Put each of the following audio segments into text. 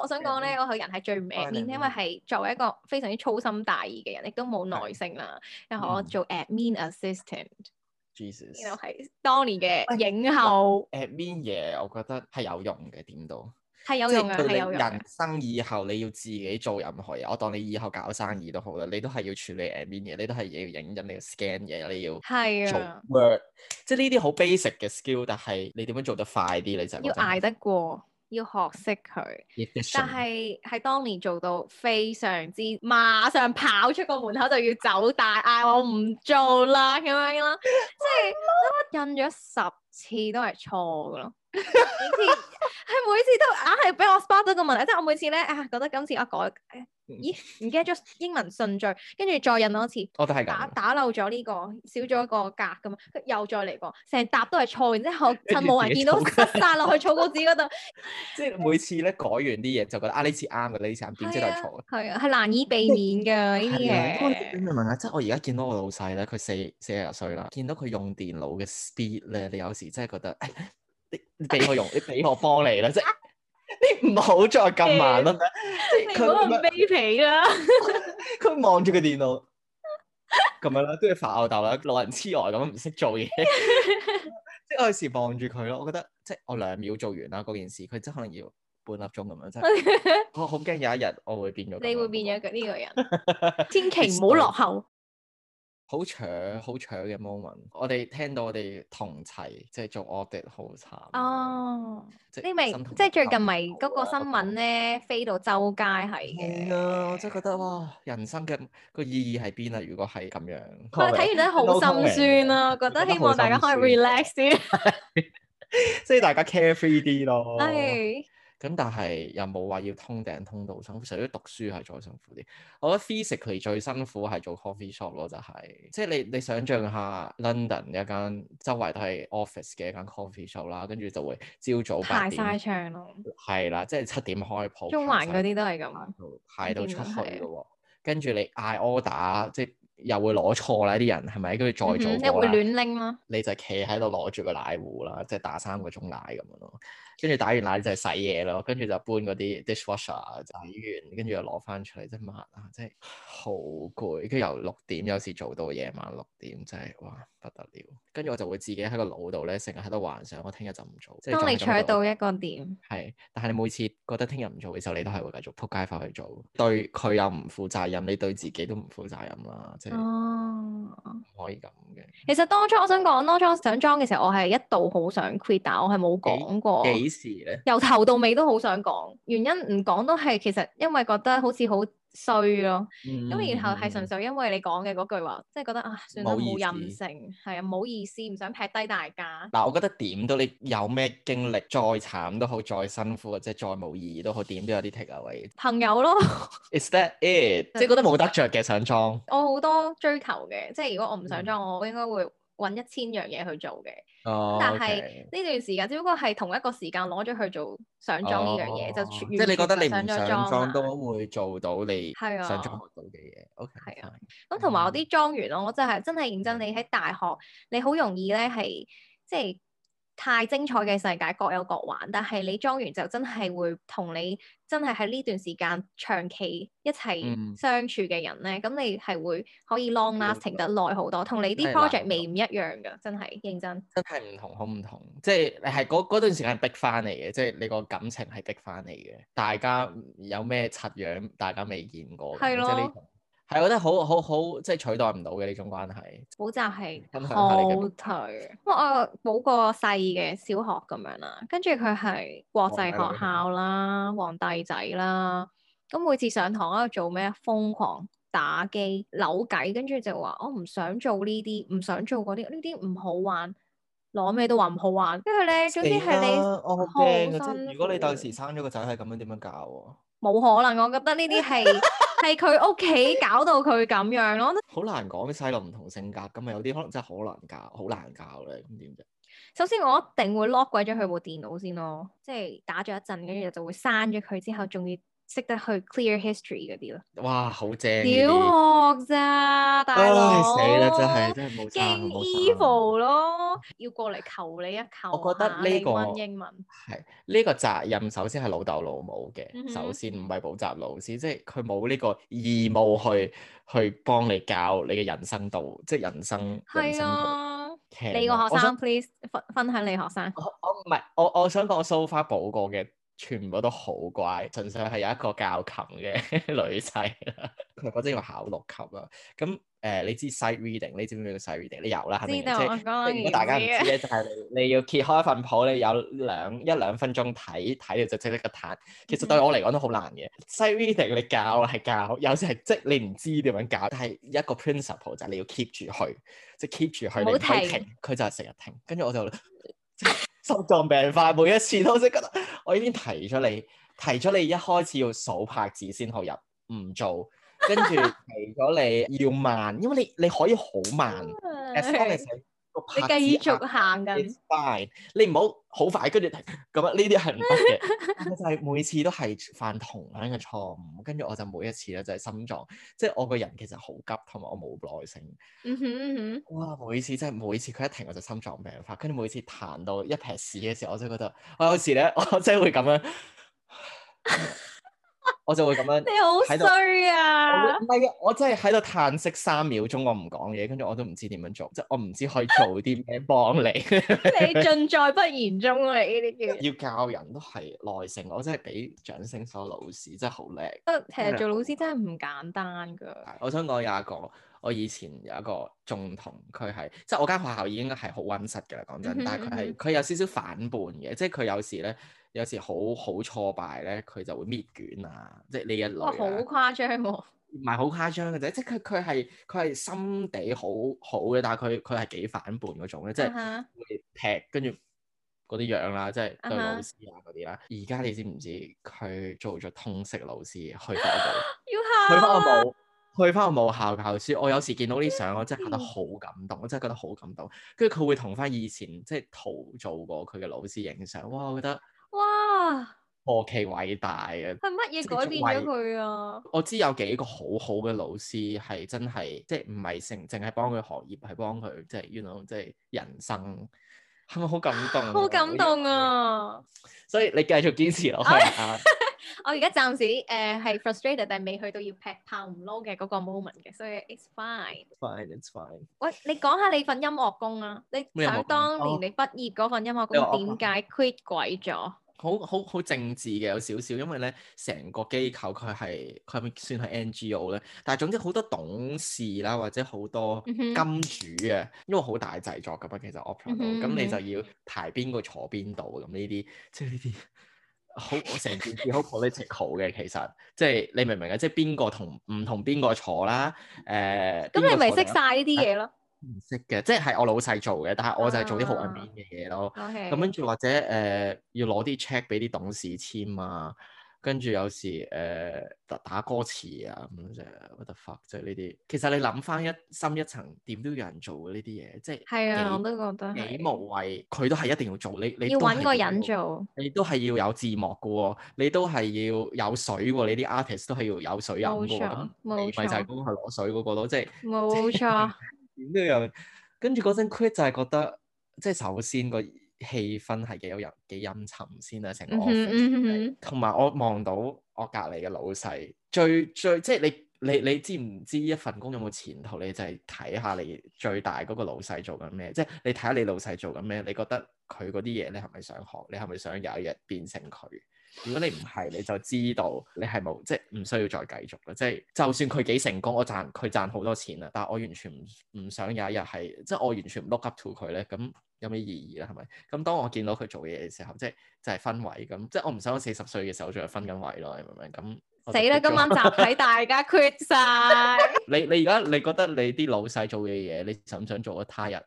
我想講咧，我個人係最唔 admin，I 因為係作為一個非常之粗心大意嘅人，亦都冇耐性啦。然後的我做 admin assistant，又係、嗯、當年嘅影後 admin 嘢， ad 我覺得係有用嘅點都係有用嘅。係即有人生以後你要自己做任何嘢，我當你以後搞生意都好啦，你都係要處理 admin 嘢，你都係要影緊你要 scan 嘢，你要做 work 的即係呢啲好 basic 嘅 skill，但係你點樣做得快啲？你就要捱得過。要學識佢，但係喺當年做到非常之，馬上跑出個門口就要走，大嗌我唔做啦咁樣咯，即係印咗十次都係錯㗎咯。每次，係 每次都硬係俾我 spot 到個問題，即係我每次咧啊，覺得今次啊改，咦唔 g 得咗英文順序，跟住再印多次，我都係打打漏咗呢、這個，少咗個格咁啊，又再嚟過，成沓都係錯，然之後趁冇人見到散，撒落去草稿紙嗰度。即係每次咧改完啲嘢，就覺得啊，呢次啱嘅，呢次點知、啊、都係錯。係係、啊、難以避免嘅。呢啲嘢。你、啊、問下，即係我而家見到我老細咧，佢四四廿歲啦，見到佢用電腦嘅 speed 咧，你有時真係覺得。哎你俾我用，你俾我幫你啦，即係你唔好再咁慢啦，你即係佢好卑鄙啦，佢望住個電腦咁樣啦，都係發吽哣啦，老人痴呆咁唔識做嘢， 即係我有時望住佢咯，我覺得即係我兩秒做完啦嗰件事，佢真係可能要半粒鐘咁樣，真係 我好驚有一日我會變咗，你會變咗呢個人， 千祈唔好落後。 好搶好搶嘅 moment，我哋聽到我哋同齊即係做 audit 好慘哦！你係即係是最近咪嗰個新聞咧、嗯、飛到周街係我真係覺得哇！人生嘅個意義係邊啊？如果係咁樣，啊、我睇完咧好心酸啊！的我覺得希望大家可以 relax 啲，即係 大家 carefree 啲咯。咁但係又冇話要通頂通到，辛苦，除咗讀書係再辛苦啲。我覺得 physically 最辛苦係做 coffee shop 咯，就係、是、即係你你想象下 London 一間周圍都係 office 嘅一間 coffee shop 啦，跟住就會朝早排晒場咯。係啦，即係七點開鋪。中環嗰啲都係咁啊，排到出去嘅喎，跟住你嗌 order 即、就、係、是。又會攞錯啦，啲人係咪？跟住再做，你、嗯、會亂拎咯。你就係企喺度攞住個奶壺啦，即係打三個鐘奶咁樣咯。跟住打完奶就係洗嘢咯，跟住就搬嗰啲 dishwasher 洗完，跟住又攞翻出嚟即係抹啊，即係好攰。跟住由六點有時做到夜晚六點，真係哇！不得了，跟住我就會自己喺個腦度咧，成日喺度幻想，我聽日就唔做。即係當你取到一個點，係，但係你每次覺得聽日唔做嘅時候，你都係會繼續撲街翻去做。對佢又唔負責任，你對自己都唔負責任啦。即係、哦，可以咁嘅。其實當初我想講，當初上莊嘅時候，我係一度好想 quit，但我係冇講過幾，幾時咧？由頭到尾都好想講，原因唔講都係其實因為覺得好似好。衰咯，咁、嗯、然後係純粹因為你講嘅嗰句話，即、就、係、是、覺得啊，算好冇任性，係啊，冇意思，唔想劈低大家。嗱，我覺得點都你有咩經歷，再慘都好，再辛苦，即係再冇意義都好，點都有啲 take 啊，喂。朋友咯。 Is that it？的即係覺得冇得着嘅想裝。我好多追求嘅，即係如果我唔想裝，嗯、我應該會搵一千樣嘢去做嘅，哦、但係呢段時間、哦、只不過係同一個時間攞咗去做裝、哦、上裝呢樣嘢，就即係你覺得你唔想，上裝都會做到你上裝學到嘅嘢。OK，係、嗯、啊，咁同埋我啲莊園咯，我、就是、真係真係認真，你喺大學、嗯、你好容易咧係即係。太精彩嘅世界各有各玩，但係你莊完就真係會同你真係喺呢段時間長期一齊相處嘅人咧，咁、嗯、你係會可以 long lasting 得耐好多，同、嗯、你啲 project 未唔一樣噶，嗯、真係認真。真係唔同，好唔同，即係你係嗰段時間逼翻嚟嘅，即係你個感情係逼翻嚟嘅，大家有咩柒樣，大家未見過。係咯的。係，我覺得好好好，即係取代唔到嘅呢種關係。補習係好頹，因為我補個細嘅小學咁樣啦，跟住佢係國際學校啦，皇帝，皇帝仔啦。咁每次上堂喺度做咩啊？瘋狂打機、扭計，跟住就話我唔想做呢啲，唔想做嗰啲，呢啲唔好玩，攞咩都話唔好玩。跟住咧，了總之係你，我驚、呃。呃、如果你到時生咗個仔係咁樣，點樣教啊？冇可能，我覺得呢啲係係佢屋企搞到佢咁樣咯。好難講啲細路唔同性格，咁啊有啲可能真係好難教，好難教咧，咁點啫？首先我一定會 lock 鬼咗佢部電腦先咯，即係打咗一陣，跟住就會刪咗佢之後，仲要。識得去 clear history 嗰啲咯，哇，好正，屌學咋，大佬，死啦，真係，真係冇，驚 evil 咯，要過嚟求你一求，我覺得呢個英文係呢個責任，首先係老豆老母嘅，首先唔係補習老師，即係佢冇呢個義務去去幫你教你嘅人生道，即係人生人生係咯，你個學生 please 分分享你學生，我我唔係我我想講我蘇花補過嘅。全部都好怪，純粹係有一個教琴嘅女仔，佢嗰陣要考六級啊。咁誒、呃，你知 sight reading，你知唔知叫 sight reading？你有啦，係咪？知道姐如果大家唔知咧，知道就係你要揭開一份譜，你有兩一兩分鐘睇睇，你就即刻個彈。其實對我嚟講都好難嘅。sight、嗯、reading 你教係教，有時係即、即係、你唔知點樣教，但係一個 principle 就係你要 keep 住去，即係 keep 住去。聽你唔好停，佢就係成日停，跟住我就。 心臟病快，每一次都識覺得，我已經提出你，提出你一開始要數拍子先好入，唔做，跟住提咗你要慢，因為你你可以好慢。 as 你繼續你快行緊，你唔好好快跟住停咁啊，呢啲係唔得嘅，就係每次都係犯同樣嘅錯誤。跟住我就每一次咧就係心臟，即係我個人其實好急，同埋我冇耐性。嗯哼 哇！每次即係每次佢一停我就心臟病發，跟住每次彈到一撇屎嘅時候，我就覺得我有時咧我真係會咁樣。 我就會咁樣，你好衰啊！唔係嘅，我真係喺度嘆息三秒鐘，我唔講嘢，跟住我都唔知點樣做，即係我唔知可以做啲咩幫你。 你盡在不言中啊！你呢啲叫要教人都係耐性，我真係俾掌聲，做老師真係好叻。嗯，其實做老師真係唔簡單㗎。 我想講廿個。我以前有一個中同，佢係即係我間學校已經係好溫室嘅啦，講真。但係佢係佢有少少反叛嘅，即係佢有時咧，有時好好挫敗咧，佢就會搣卷啊，哦哦、即係呢一類。好誇張喎！唔係好誇張嘅啫，即係佢佢係佢係心地好好嘅，但係佢佢係幾反叛嗰種咧，即係會劈跟住嗰啲樣啦，即係對老師啊嗰啲啦。而家、uh huh. 你知唔知佢做咗通識老師去教導？要 去翻個母校教書，我有時見到啲相，我真係覺得好感動，我真係覺得好感動。跟住佢會同翻以前即係徒做過佢嘅老師影相，哇！我覺得哇，何其偉大啊！係乜嘢改變咗佢啊？我知有幾個好好嘅老師係真係，即係唔係成淨係幫佢學業，係幫佢即係，原來，即係人生，係咪好感動？好感動啊！動啊 所以你繼續堅持落去啊！ 我而家暫時誒係、呃、frustrated，但係未去到要劈炮唔撈嘅嗰個 moment 嘅，所以 it's fine。fine，it's fine，Fine。喂，你講下你份音樂工啊？你想當年你畢業嗰份音樂工點、啊、解、哦、quit 鬼咗？好好好政治嘅，有少少，因為咧成個機構佢係佢係咪算係 NGO 咧？但係總之好多董事啦，或者好多金主啊，嗯、哼因為好大製作㗎嘛，其實 Opera 咁你就要排邊個坐邊度咁呢啲，即係呢啲。就是 好，我成件事好 political 嘅，其實即係你明唔明啊？即係邊個同唔同邊個坐啦？誒，咁你咪識晒呢啲嘢咯？唔識嘅，即係我老細做嘅，但係我就係做啲好入面嘅嘢咯。咁跟住或者誒、呃，要攞啲 check 俾啲董事簽啊。跟住有時誒、呃、打打歌詞啊咁樣啫，what the fuck，即係呢啲。其實你諗翻一深一層，點都有人做嘅呢啲嘢，即係係啊，你我都覺得你無謂。佢都係一定要做，你你要揾個人做，你都係要有字幕嘅喎、哦，你都係要有水喎，你啲 artist 都係要有水飲嘅喎，咁免費就係幫佢攞水嗰、那個咯，即係冇錯。點 都有，跟住嗰陣 quick 就係覺得，即係首先個。氣氛係幾有人幾陰沉先啊！成個同埋 我望到我隔離嘅老細，最最即係你你你知唔知一份工有冇前途？你就係睇下你最大嗰個老細做緊咩，即係你睇下你老細做緊咩，你覺得佢嗰啲嘢你係咪想學？你係咪想有一日變成佢？如果你唔係，你就知道你係冇即係唔需要再繼續啦。即係就算佢幾成功，我賺佢賺好多錢啦，但我完全唔唔想有一日係即係我完全唔 look up to 佢咧。咁有咩意義啦？係咪？咁當我見到佢做嘢嘅時候，即係即係分位咁，即係我唔想我四十歲嘅時候仲係分緊位咯，你明唔明？咁死啦！今晚集體大家 quit 晒 ！你你而家你覺得你啲老細做嘅嘢，你想唔想做咗他人？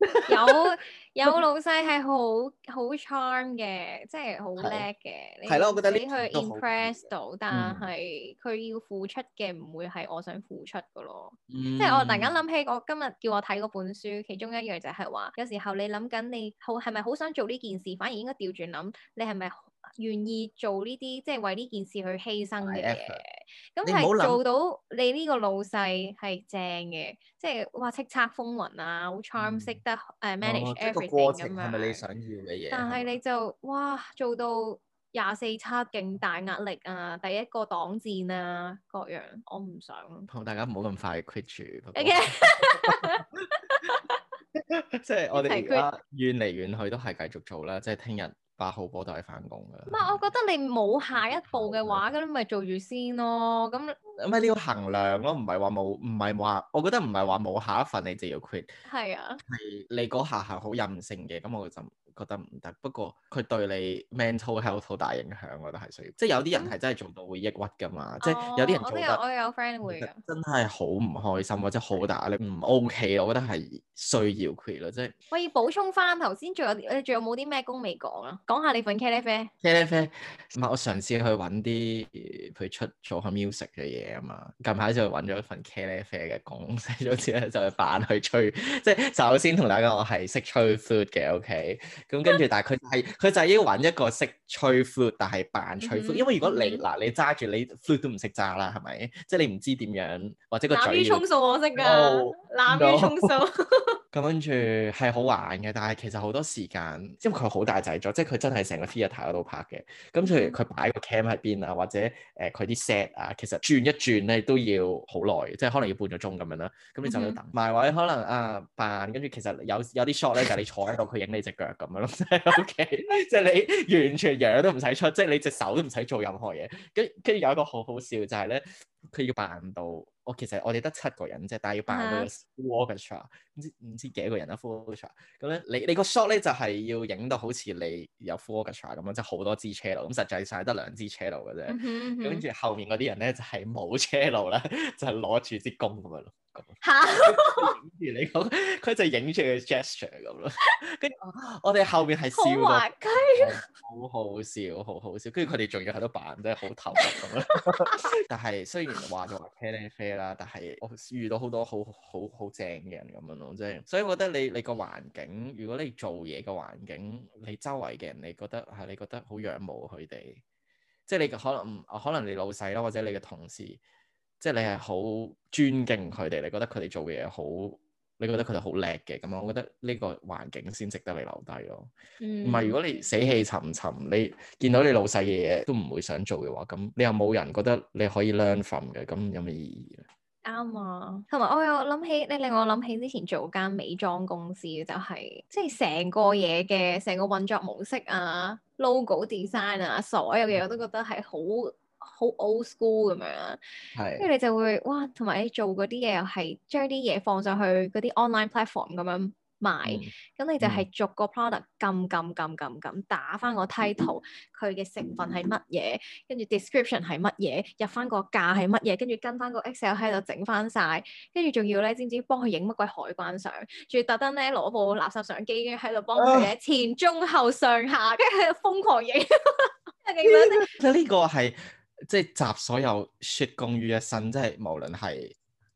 有。有老細係好好 charm 嘅，即係好叻嘅，的你俾佢 impress 到，但係佢要付出嘅唔會係我想付出嘅咯。嗯、即係我突然間諗起，我今日叫我睇嗰本書，其中一樣就係話，有時候你諗緊你好係咪好想做呢件事，反而應該調轉諗，你係咪好願意做呢啲即係為呢件事去犧牲嘅嘢，咁係做到你呢個老細係正嘅，即係哇叱咤風雲啊，好 charm，識得誒 manage everything 過程係咪你想要嘅嘢啊？但係你就哇做到廿四七勁大壓力啊，第一個黨戰啊，各樣我唔想。同大家唔好咁快 quit 住。O K，即係我哋而家遠嚟遠去都係繼續做啦，即係聽日。八號波都係返工㗎喇，唔係、嗯、我覺得你冇下一步嘅話，咁你咪做住先咯。咁，唔係你要衡量咯，唔係話冇，唔係話，我覺得唔係話冇下一份你就要 quit。係啊，係你嗰下係好任性嘅，咁我就。覺得唔得，不過佢對你 mental health 好大影響，我覺得係需要。即係有啲人係真係做到會抑鬱噶嘛，oh, 即係有啲人做得，Okay, 我有 friend 會真係好唔開心的或者好大壓力，你唔 OK 我覺得係需要 quit 咯，即係我要補充翻頭先，仲有仲有冇啲咩工未講啊？講下你份咖啡，咖啡唔係我嘗試去揾啲佢出做下 music 嘅嘢啊嘛。近排就揾咗一份咖啡嘅工，所以咧就扮去吹。即係首先同大家我係識吹 food 嘅，OK。咁跟住，但係佢係佢就係要揾一個識吹 flute，但係扮吹 flute。嗯、因為如果你嗱，你揸住你 flute 都唔識揸啦，係咪？即係你唔知點樣，或者個嘴。濫竽充數我識㗎，濫竽充數。咁跟住係好玩嘅，但係其實好多時間，因為佢好大製作，即係佢真係成個 theatre 度拍嘅。咁所以佢擺個 cam 喺邊啊，或者誒佢啲 set 啊，其實轉一轉咧都要好耐，即係可能要半個鐘咁樣啦。咁你就要等埋位，嗯嗯、可能啊扮跟住，其實有有啲 shot 咧就係你坐喺度，佢影 你隻腳咁樣。 O.K. 即 係你完全樣都唔使出，即、就、係、是、你隻手都唔使做任何嘢。跟跟住有一個好好笑就係、是、咧，佢要扮到我其實我哋得七個人啫，但係要扮到 full orchestra 唔知唔知幾多個人啦、啊。full orchestra 咁咧，你你個 shot 咧就係要影到好似你有 full orchestra 咁樣，即係好多支車路。咁實際上係得兩支車路嘅啫。跟住 後，後面嗰啲人咧就係、是、冇車路咧， 就係攞住支棍咁樣。吓，影 你講，佢就影住個 gesture 咁咯。跟住我哋後邊係笑到好好笑，好 好笑。跟住佢哋仲要喺度扮，真係好投入咁咯。但係雖然話做茄喱啡啦，但係我遇到好多好好好正嘅人咁樣咯，即係，所以我覺得你你個環境，如果你做嘢嘅環境，你周圍嘅人，你覺得係你覺得好仰慕佢哋，即係你可能唔可能你老細啦，或者你嘅同事。即係你係好尊敬佢哋，你覺得佢哋做嘅嘢好，你覺得佢哋好叻嘅，咁我覺得呢個環境先值得你留低咯。唔係、嗯、如果你死氣沉沉，你見到你老細嘅嘢都唔會想做嘅話，咁你又冇人覺得你可以 learn from 嘅，咁有咩意義啊？啱啊、嗯，同埋我有諗起，你令我諗起之前做間美妝公司，就係即係成個嘢嘅成個運作模式啊、logo design 啊，所有嘢我都覺得係好。嗯好 old school 咁樣，跟住是你就會哇，同埋你做嗰啲嘢又係將啲嘢放上去嗰啲 online platform 咁樣賣，咁、嗯、你就係逐個 product 撳撳撳撳撳打翻個 title，佢嘅成分係乜嘢，lucky, at, 入入跟住 description 係乜嘢，入翻個價係乜嘢，跟住跟翻個 excel 喺度整翻晒，跟住仲要咧知唔知幫佢影乜鬼海關相，仲要特登咧攞部垃圾相機喺度幫佢影前中後上下，跟住喺度瘋狂影，咁樣呢個係。t if lo at 即係集所有雪功於一身，即係無論係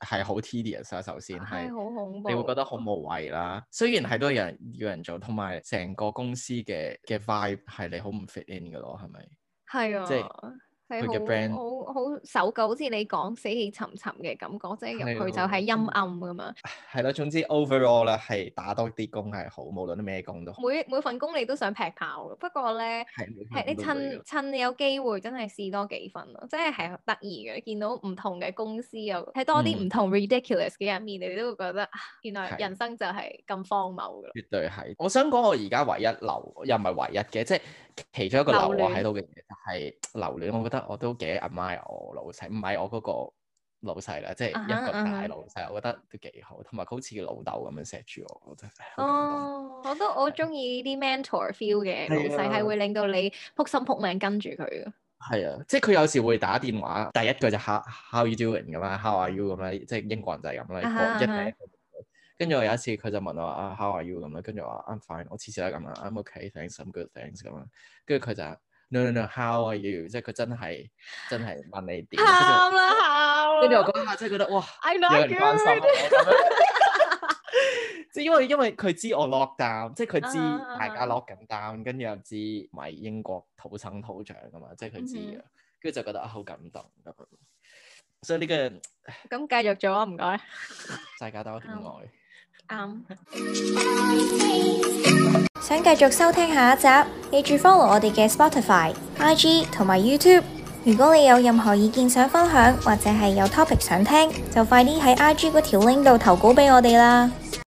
係好 tedious 啦、啊，首先係，哎、好恐怖你會覺得好無謂啦。雖然係有人要人做，同埋成個公司嘅嘅 vibe 係你好唔 fit in 嘅咯，係咪？係啊的，即係。係好好好守舊，好似你講死氣沉沉嘅感覺，即係入去就係陰暗㗎嘛。係咯，總之 overall 咧，係打多啲工係好，無論啲咩工都好。每每份工你都想劈炮，不過咧，係你趁趁你有機會，真係試多幾份咯。即係係得意嘅，見到唔同嘅公司又睇多啲唔同 ridiculous 嘅一面，你都會覺得原來人生就係咁荒謬㗎咯。絕對係。我想講我而家唯一留又唔係唯一嘅，即係。其中一個留我喺度嘅嘢就係留戀，我覺得我都幾 admire 我老細，唔係我嗰個老細啦，即係一個大老細，uh huh, uh huh. 我覺得都幾好，同埋好似老豆咁樣錫住我，我真係哦、oh, 我都我中意啲 mentor feel 嘅老細，係、uh huh. 會令到你撲心撲命跟住佢嘅。係、uh huh. 啊，即係佢有時會打電話，第一句就 How How you doing 咁樣，How are you 咁樣，即係英國人就係咁啦，一、uh。Huh. Uh huh. 跟住我有一次佢就問我啊 how are you 咁樣，跟住我 I'm fine，我次次都咁啦，I'm okay, thanks, some good things 咁樣。跟住佢就 no no no how are you，即係佢真係真係問你點。啦，跟住我嗰下真係覺得，哇，有人關心。因為因為佢知我 lock down，即係佢知大家 lock 緊 down，跟住又知咪英國土生土長噶嘛，即係佢知啊，跟住就覺得好感動咁。所以呢個咁繼續做啊，唔該。世界多一點愛。想繼續收聽下一集，記住 follow 我哋嘅 Spotify、IG 同埋 YouTube。如果你有任何意見想分享，或者係有 topic 想聽，就快啲喺 IG 嗰條 link 度投稿俾我哋啦。